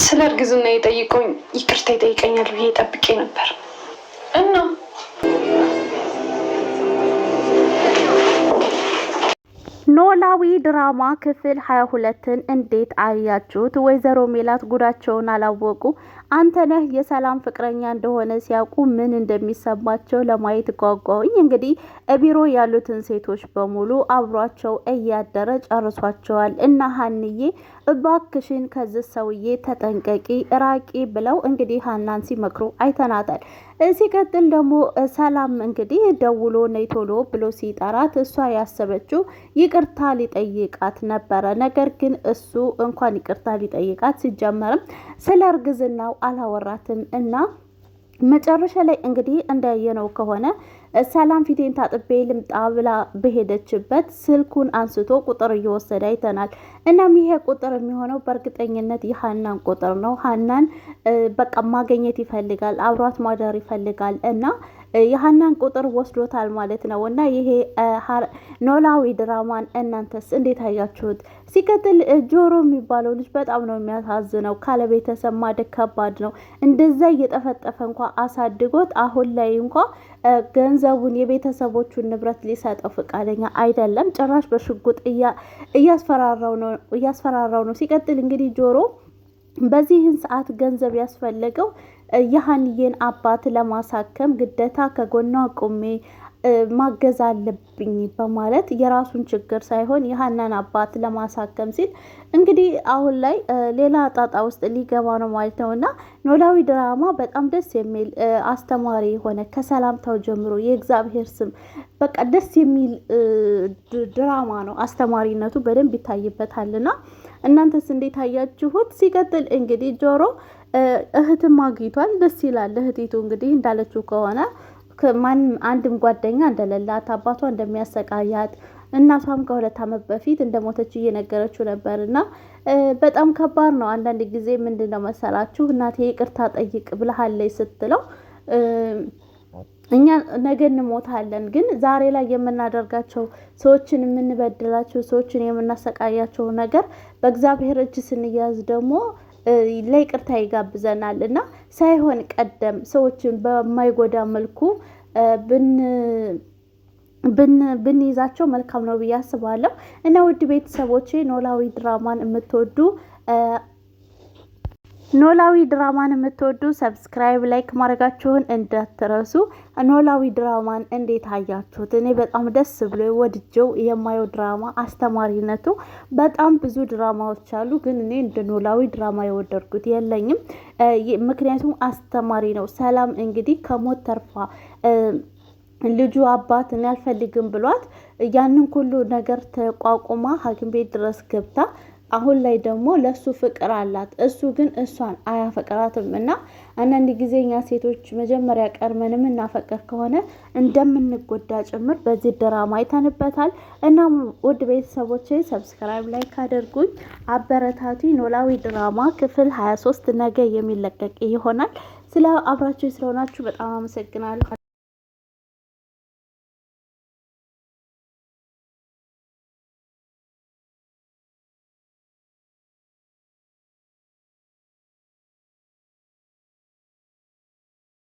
ስለ እርግዝና የጠይቀኝ ይቅርታ ይጠይቀኛል ብዬ ጠብቄ ነበር እና ኖላዊ ድራማ ክፍል ሀያ ሁለትን እንዴት አያችሁት? ወይዘሮ ሜላት ጉዳቸውን አላወቁ። አንተነህ የሰላም ፍቅረኛ እንደሆነ ሲያውቁ ምን እንደሚሰማቸው ለማየት ጓጓውኝ። እንግዲህ ቢሮ ያሉትን ሴቶች በሙሉ አብሯቸው እያደረ ጨርሷቸዋል። እና ሀንዬ እባክሽን ከዚህ ሰውዬ ተጠንቀቂ፣ ራቂ ብለው እንግዲህ ሀናን ሲመክሩ አይተናታል። ሲቀጥል ደግሞ ሰላም እንግዲህ ደውሎ ነይ ቶሎ ብሎ ሲጠራት እሷ ያሰበችው ይቅርታ ሊጠይቃት ነበረ። ነገር ግን እሱ እንኳን ይቅርታ ሊጠይቃት ሲጀመርም ስለ እርግዝናው አላወራትም እና መጨረሻ ላይ እንግዲህ እንዳየነው ከሆነ ሰላም ፊቴን ታጥቤ ልምጣ ብላ በሄደችበት ስልኩን አንስቶ ቁጥር እየወሰደ አይተናል። እናም ይሄ ቁጥር የሚሆነው በእርግጠኝነት የሀናን ቁጥር ነው። ሀናን በቃ ማገኘት ይፈልጋል፣ አብሯት ማደር ይፈልጋል እና የሀናን ቁጥር ወስዶታል ማለት ነው። እና ይሄ ኖላዊ ድራማን እናንተስ እንዴት አያችሁት? ሲቀጥል ጆሮ የሚባለው ልጅ በጣም ነው የሚያሳዝነው። ካለቤተሰብ ማደግ ከባድ ነው። እንደዛ እየጠፈጠፈ እንኳ አሳድጎት አሁን ላይ እንኳ ገንዘቡን የቤተሰቦቹን ንብረት ሊሰጠው ፈቃደኛ አይደለም። ጭራሽ በሽጉጥ እያስፈራራው ነው። ሲቀጥል እንግዲህ ጆሮ በዚህን ሰዓት ገንዘብ ያስፈለገው የሀንዬን አባት ለማሳከም ግደታ ከጎኗ ቆሜ ማገዝ አለብኝ በማለት የራሱን ችግር ሳይሆን የሀናን አባት ለማሳከም ሲል እንግዲህ አሁን ላይ ሌላ ጣጣ ውስጥ ሊገባ ነው ማለት ነው እና ኖላዊ ድራማ በጣም ደስ የሚል አስተማሪ የሆነ ከሰላምታው ጀምሮ የእግዚአብሔር ስም በቃ ደስ የሚል ድራማ ነው። አስተማሪነቱ በደንብ ይታይበታልና እናንተስ እንዴት አያችሁት? ሲቀጥል እንግዲህ ጆሮ እህትም አግኝቷል። ደስ ይላል። እህቲቱ እንግዲህ እንዳለችው ከሆነ ማንም አንድም ጓደኛ እንደሌላት አባቷ እንደሚያሰቃያት እናቷም ከሁለት ዓመት በፊት እንደሞተች እየነገረችው ነበር። እና በጣም ከባድ ነው። አንዳንድ ጊዜ ምንድን ነው መሰላችሁ እናቴ ይቅርታ ጠይቅ ብልሃለች ስትለው እኛ ነገ እንሞታለን፣ ግን ዛሬ ላይ የምናደርጋቸው ሰዎችን የምንበድላቸው ሰዎችን የምናሰቃያቸው ነገር በእግዚአብሔር እጅ ስንያዝ ደግሞ ለይቅርታ ይጋብዘናል እና ሳይሆን ቀደም ሰዎችን በማይጎዳ መልኩ ብን ብንይዛቸው መልካም ነው ብዬ አስባለሁ እና ውድ ቤተሰቦቼ ኖላዊ ድራማን የምትወዱ ኖላዊ ድራማን የምትወዱ ሰብስክራይብ፣ ላይክ ማድረጋችሁን እንዳትረሱ። ኖላዊ ድራማን እንዴት አያችሁት? እኔ በጣም ደስ ብሎ ወድጀው የማየው ድራማ አስተማሪነቱ፣ በጣም ብዙ ድራማዎች አሉ፣ ግን እኔ እንደ ኖላዊ ድራማ የወደድኩት የለኝም። ምክንያቱም አስተማሪ ነው። ሰላም እንግዲህ ከሞት ተርፋ ልጁ አባት እኔ አልፈልግም ብሏት ያንን ሁሉ ነገር ተቋቁማ ሐኪም ቤት ድረስ ገብታ አሁን ላይ ደግሞ ለሱ ፍቅር አላት፣ እሱ ግን እሷን አያፈቅራትም። እና አንዳንድ ጊዜ እኛ ሴቶች መጀመሪያ ቀድመን የምናፈቅር ከሆነ እንደምንጎዳ ጭምር በዚህ ድራማ አይተንበታል። እና ውድ ቤተሰቦች ሰብስክራይብ ላይ ካደርጉኝ አበረታቱ። ኖላዊ ድራማ ክፍል 23 ነገ የሚለቀቅ ይሆናል። ስለ አብራችሁ ስለሆናችሁ በጣም አመሰግናለሁ።